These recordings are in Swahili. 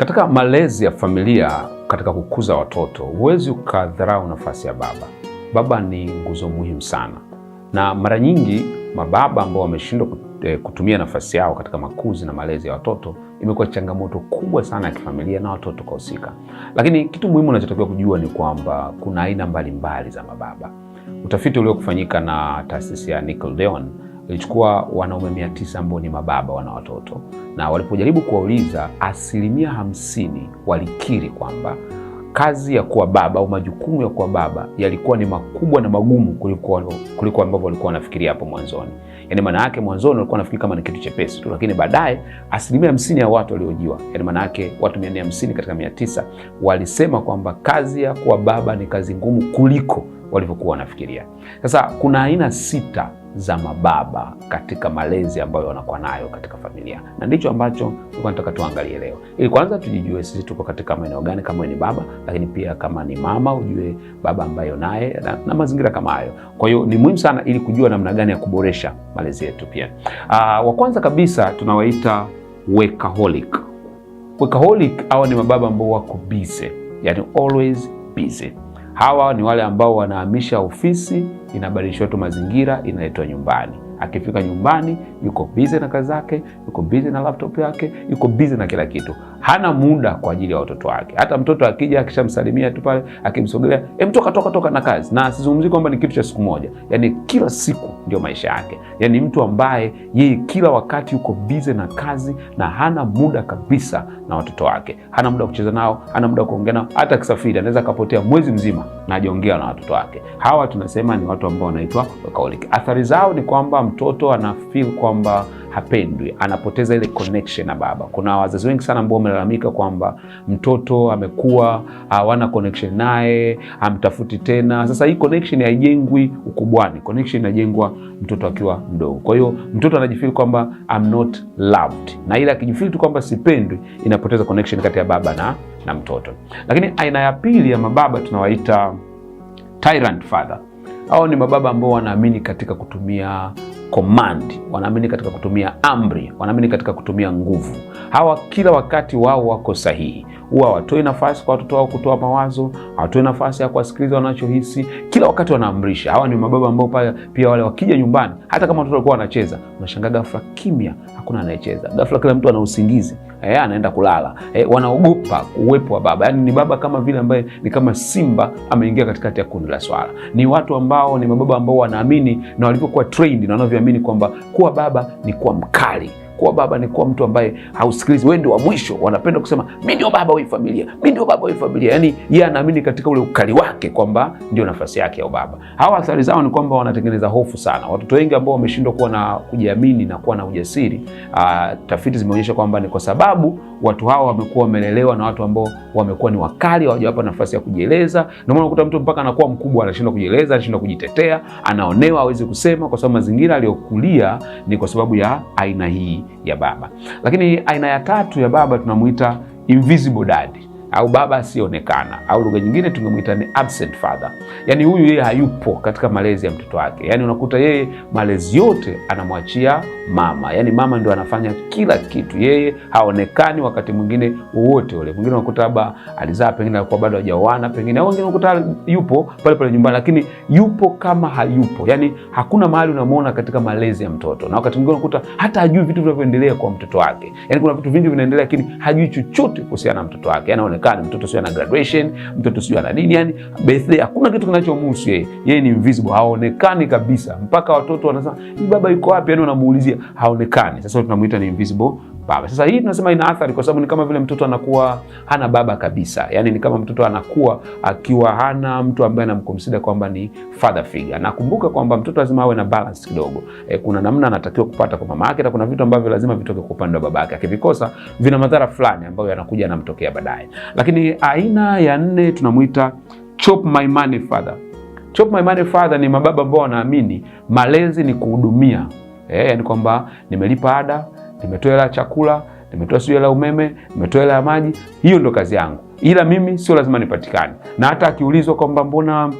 Katika malezi ya familia, katika kukuza watoto, huwezi ukadharau nafasi ya baba. Baba ni nguzo muhimu sana, na mara nyingi mababa ambao wameshindwa eh, kutumia nafasi yao katika makuzi na malezi ya watoto imekuwa changamoto kubwa sana ya kifamilia na watoto kahusika. Lakini kitu muhimu unachotakiwa kujua ni kwamba kuna aina mbalimbali za mababa. Utafiti uliokufanyika na taasisi ya Nickelodeon ilichukua wanaume mia tisa ambao ni mababa wana watoto, na walipojaribu kuwauliza, asilimia hamsini walikiri kwamba kazi ya kuwa baba au majukumu ya kuwa baba yalikuwa ni makubwa na magumu kuliko, kuliko ambavyo walikuwa wanafikiria hapo mwanzoni. Yaani maana yake mwanzoni walikuwa wanafikiri kama ni kitu chepesi tu, lakini baadaye asilimia hamsini ya watu waliojiwa, yaani maana yake watu mia nne hamsini katika mia tisa walisema kwamba kazi ya kuwa baba ni kazi ngumu kuliko walivyokuwa wanafikiria. Sasa kuna aina sita za mababa katika malezi ambayo wanakuwa nayo katika familia, na ndicho ambacho nataka tuangalie leo, ili kwanza tujijue sisi tuko katika maeneo gani, kama ni baba, lakini pia kama ni mama ujue baba ambayo naye na, na mazingira kama hayo. Kwa hiyo ni muhimu sana ili kujua namna gani ya kuboresha malezi yetu pia. Aa, ah, wa kwanza kabisa tunawaita workaholic. Workaholic hawa ni mababa ambao wako busy, yani always busy Hawa ni wale ambao wanahamisha ofisi, inabadilishwa tu mazingira, inaletwa nyumbani. Akifika nyumbani yuko bize na kazi zake, yuko bize na laptop yake, yuko bize na kila kitu, hana muda kwa ajili ya watoto wake. Hata mtoto akija, akishamsalimia tu pale, akimsogelea e, eh, toka toka toka na kazi. Na sizungumzi kwamba ni kitu cha siku moja, yani kila siku ndio maisha yake, yani mtu ambaye yeye kila wakati yuko bize na kazi na hana muda kabisa na watoto wake, hana muda wa kucheza nao, hana muda wa kuongea nao. Hata akisafiri anaweza akapotea mwezi mzima na na watoto wake. Hawa tunasema ni watu ambao wanaitwa workaholic. Athari zao ni kwamba mtoto anafeel kwamba hapendwi, anapoteza ile connection na baba. Kuna wazazi wengi sana ambao wamelalamika kwamba mtoto amekuwa hawana connection naye, amtafuti tena. Sasa hii connection haijengwi ukubwani, connection inajengwa mtoto akiwa mdogo. Kwa hiyo mtoto anajifeel kwamba I'm not loved, na ile akijifeel tu kwamba sipendwi, inapoteza connection kati ya baba na na mtoto. Lakini aina ya pili ya mababa tunawaita tyrant father. Hao ni mababa ambao wanaamini katika kutumia command, wanaamini katika kutumia amri, wanaamini katika kutumia nguvu. Hawa kila wakati wao wako sahihi huwa hawatoi nafasi kwa watoto wao kutoa mawazo, hawatoi nafasi ya kuwasikiliza wanachohisi, kila wakati wanaamrisha. Hawa ni mababa ambao pale pia wale wakija nyumbani, hata kama watoto walikuwa wanacheza, unashangaa ghafla kimya, hakuna anayecheza. Ghafla kila mtu ana usingizi, eh, anaenda kulala. Eh, wanaogopa uwepo wa baba. Yani ni baba kama vile ambaye ni kama simba ameingia katikati ya kundi la swala. Ni watu ambao ni mababa ambao wanaamini na walivyokuwa trained na wanavyoamini kwamba kuwa baba ni kuwa mkali kuwa baba ni kuwa mtu ambaye hausikilizi, wewe ndio wa mwisho. Wanapenda kusema mimi ndio baba wa familia, mimi ndio baba wa familia. Yani yeye ya anaamini katika ule ukali wake kwamba ndio nafasi yake ya baba. Hawa athari zao ni kwamba wanatengeneza hofu sana. Watoto wengi ambao wameshindwa kuwa na kujiamini na kuwa na ujasiri, uh, tafiti zimeonyesha kwamba ni kwa sababu watu hawa wamekuwa wamelelewa na watu ambao wamekuwa ni wakali, hawajawapa nafasi ya kujieleza. Ndio maana unakuta mtu mpaka anakuwa mkubwa anashindwa kujieleza, anashindwa kujitetea, anaonewa, hawezi kusema, kwa sababu mazingira aliyokulia ni kwa sababu ya aina hii ya baba. Lakini aina ya tatu ya baba tunamuita invisible dad au baba asiyeonekana, au lugha nyingine tungemwita ni absent father. Yani huyu yeye hayupo katika malezi ya mtoto wake, yani unakuta yeye malezi yote anamwachia mama, yani mama ndio anafanya kila kitu, yeye haonekani wakati mwingine wowote ule. Mwingine unakuta baba alizaa, pengine alikuwa bado hajaoana, pengine au wengine unakuta yupo pale pale nyumbani, lakini yupo kama hayupo, yani hakuna mahali unamwona katika malezi ya mtoto, na wakati mwingine unakuta hata hajui vitu vinavyoendelea kwa mtoto wake, yani kuna vitu vingi vinaendelea, lakini hajui chochote kuhusiana na mtoto wake yani Marekani, mtoto sio ana graduation, mtoto sio ana nini, yani birthday, hakuna kitu kinachomhusu yeye. Yeye ni invisible, haonekani kabisa, mpaka watoto wanasema hii baba yuko wapi? Yani wanamuulizia, haonekani. Sasa tunamuita ni invisible baba. Sasa hii tunasema ina athari kwa sababu ni kama vile mtoto anakuwa hana baba kabisa, yani ni kama mtoto anakuwa akiwa hana mtu ambaye anamconsider kwamba ni father figure. Nakumbuka kwamba mtoto lazima awe na balance kidogo e, kuna namna anatakiwa kupata kwa mama yake na kuna vitu ambavyo lazima vitoke kwa upande wa baba yake, akivikosa vina madhara fulani ambayo yanakuja yanamtokea baadaye. Lakini aina ya nne tunamwita chop my money father. Chop my money father ni mababa ambao wanaamini malezi ni kuhudumia, eh, yani kwamba nimelipa ada, nimetoa hela ya chakula, nimetoa sio hela umeme, nimetoa hela ya maji, hiyo ndo kazi yangu, ila mimi sio lazima nipatikane. Na hata akiulizwa kwamba mbona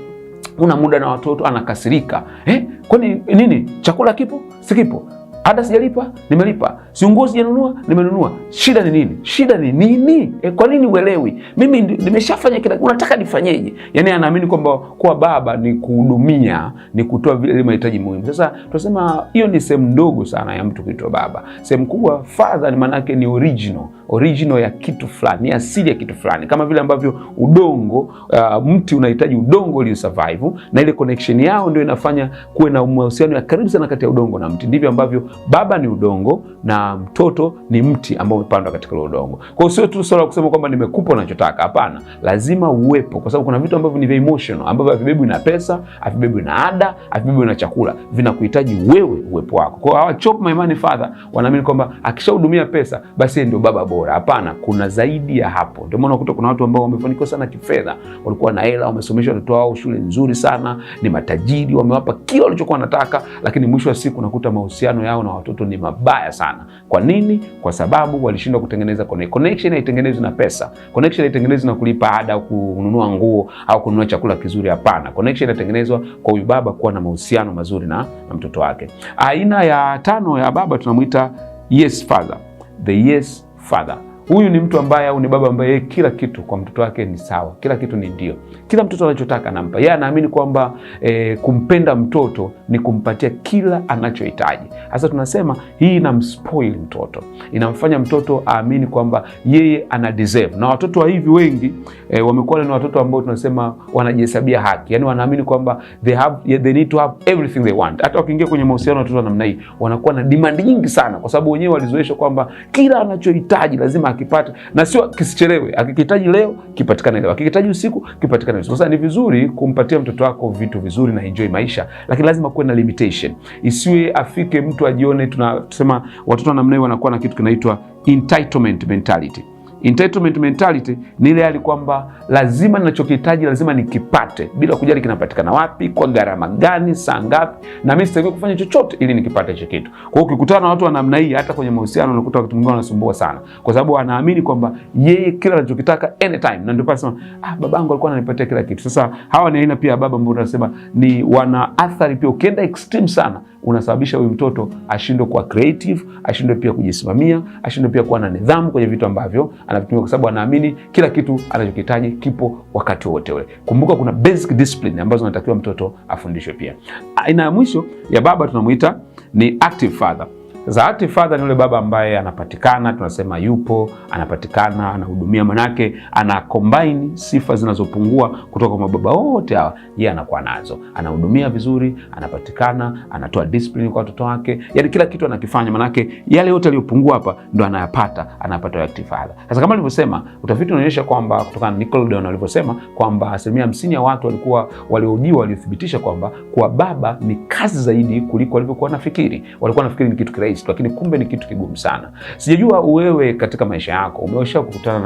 una muda na watoto anakasirika, eh, kwani nini? Chakula kipo? Sikipo? hata sijalipa nimelipa, Siunguo sijanunua nimenunua. Shida ni nini? Shida ni nini? E, kwa nini uelewi? Mimi nimeshafanya kila, unataka nifanyeje? Yani anaamini kwamba kuwa baba ni kuhudumia, ni kutoa vile mahitaji muhimu. Sasa tunasema hiyo ni sehemu ndogo sana ya mtu kuitwa baba. Sehemu kubwa father, maana yake ni original original ya kitu fulani, ni asili ya kitu fulani, kama vile ambavyo udongo uh, mti unahitaji udongo ili usurvive, na ile connection yao ndio inafanya kuwe na mahusiano ya karibu sana kati ya udongo na mti. Ndivyo ambavyo Baba ni udongo na mtoto ni mti ambao umepandwa katika ule udongo. Kwa hiyo sio tu swala kusema kwamba nimekupa unachotaka, hapana, lazima uwepo, kwa sababu kuna vitu ambavyo ni vya emotional, ambavyo havibebwi na pesa, havibebwi na ada, havibebwi na chakula, vinakuhitaji wewe, uwepo wako. Kwa hiyo hawa Chop My Money Father wanaamini kwamba akishahudumia pesa, basi ndio baba bora. Hapana, kuna zaidi ya hapo. Ndio maana unakuta kuna watu ambao wamefanikiwa sana kifedha, walikuwa na hela, wamesomesha watoto wao shule nzuri sana, ni matajiri, wamewapa kila walichokuwa wanataka, lakini mwisho wa siku unakuta mahusiano yao yao na watoto ni mabaya sana. Kwa nini? Kwa sababu walishindwa kutengeneza connection. haitengenezwi na pesa, connection haitengenezwi na kulipa ada au kununua nguo au kununua chakula kizuri. Hapana, connection inatengenezwa kwa huyu baba kuwa na mahusiano mazuri na, na mtoto wake. Aina ya tano ya baba tunamwita yes father, the yes father. Huyu ni mtu ambaye au ni baba ambaye kila kitu kwa mtoto wake ni sawa, kila kitu ni ndio, kila mtoto anachotaka anampa. Yeye anaamini kwamba e, kumpenda mtoto ni kumpatia kila anachohitaji. Sasa tunasema hii inamspoil mtoto, inamfanya mtoto aamini kwamba yeye ana deserve. Na watoto wa hivi wengi e, wamekuwa ni watoto ambao tunasema wanajihesabia haki, yani wanaamini kwamba they have, they need to have everything they want. Hata wakiingia kwenye mahusiano na watoto wa namna hii wanakuwa na demand nyingi sana, kwa sababu wenyewe walizoeshwa kwamba kila anachohitaji lazima akipate na sio kisichelewe, akikihitaji leo kipatikane leo, akikihitaji usiku kipatikane usiku. Sasa ni vizuri kumpatia mtoto wako vitu vizuri na enjoy maisha, lakini lazima kuwe na limitation, isiwe afike mtu ajione, tunasema watoto namna hiyo wanakuwa na kitu kinaitwa entitlement mentality. Entitlement mentality ni ile hali kwamba lazima ninachokihitaji lazima nikipate, bila kujali kinapatikana wapi, kwa gharama gani, saa ngapi, na mimi sitaki kufanya chochote ili nikipate hicho kitu. Kwa hiyo ukikutana na watu wa namna hii, hata kwenye mahusiano unakuta watu mwingine wanasumbua sana, kwa sababu anaamini kwamba yeye kila anachokitaka anytime, na ndio pale sema ah, babangu alikuwa ananipatia kila kitu. Sasa hawa ni aina pia baba ambao unasema ni wana athari pia, ukienda extreme sana unasababisha huyu mtoto ashindwe kuwa creative, ashindwe pia kujisimamia, ashindwe pia kuwa na nidhamu kwenye vitu ambavyo anavitumia, kwa sababu anaamini kila kitu anachokihitaji kipo wakati wote ule. Kumbuka kuna basic discipline ambazo anatakiwa mtoto afundishwe. Pia aina ya mwisho ya baba tunamuita ni active father. Sasa active father ni yule baba ambaye anapatikana, tunasema yupo, anapatikana, anahudumia, manake ana combine sifa zinazopungua kutoka kwa mababa wote hawa, yeye anakuwa nazo, anahudumia vizuri, anapatikana, anatoa discipline kwa watoto wake, yani kila kitu anakifanya, manake yale yote aliyopungua hapa ndo anayapata, anapata active father. Sasa kama nilivyosema, utafiti unaonyesha kwamba kutokana na Nickelodeon alivyosema kwamba asilimia hamsini ya watu walikuwa waliojiwa walithibitisha kwamba kuwa baba ni kazi zaidi kuliko walivyokuwa nafikiri, walikuwa nafikiri ni kitu kirahisi rahisi lakini kumbe ni kitu kigumu sana. Sijajua wewe katika maisha yako umeosha kukutana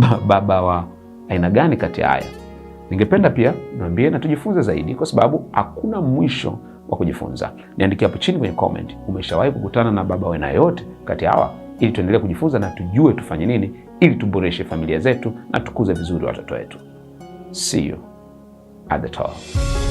na baba wa aina gani kati haya. Ningependa pia niambie na tujifunze zaidi, kwa sababu hakuna mwisho wa kujifunza. Niandikie hapo chini kwenye comment, umeshawahi kukutana na baba wa aina yoyote kati hawa, ili tuendelee kujifunza na tujue tufanye nini ili tuboreshe familia zetu na tukuze vizuri watoto wetu. See you at the top.